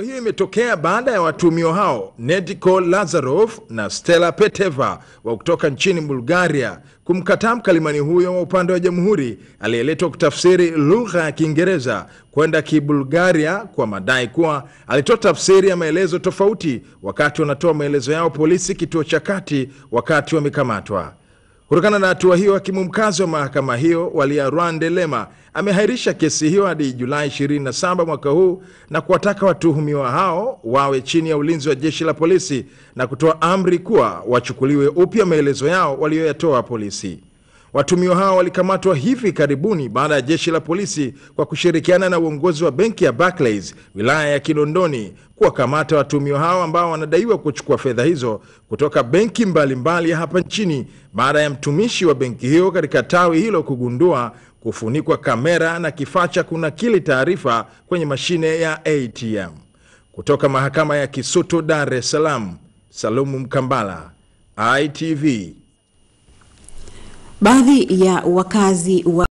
Hatua hiyo imetokea baada ya watumio hao Nediko Lazarov na Stella Peteva wa kutoka nchini Bulgaria kumkataa mkalimani huyo wa upande wa jamhuri aliyeletwa kutafsiri lugha ya Kiingereza kwenda Kibulgaria kwa madai kuwa alitoa tafsiri ya maelezo tofauti wakati wanatoa maelezo yao polisi kituo cha kati wakati wamekamatwa. Kutokana na hatua hiyo, hakimu mkazi wa mahakama hiyo Walia rwande lema amehairisha kesi hiyo hadi Julai 27 mwaka huu na kuwataka watuhumiwa hao wawe chini ya ulinzi wa jeshi la polisi na kutoa amri kuwa wachukuliwe upya maelezo yao waliyoyatoa polisi. Watumiwa hao walikamatwa hivi karibuni baada ya jeshi la polisi kwa kushirikiana na uongozi wa benki ya Barclays wilaya ya Kinondoni kuwakamata watumiwa hao ambao wanadaiwa kuchukua fedha hizo kutoka benki mbalimbali hapa nchini baada ya mtumishi wa benki hiyo katika tawi hilo kugundua kufunikwa kamera na kifaa cha kunakili taarifa kwenye mashine ya ATM. Kutoka mahakama ya Kisutu, Dar es Salaam, Salumu Mkambala, ITV. Baadhi ya wakazi wa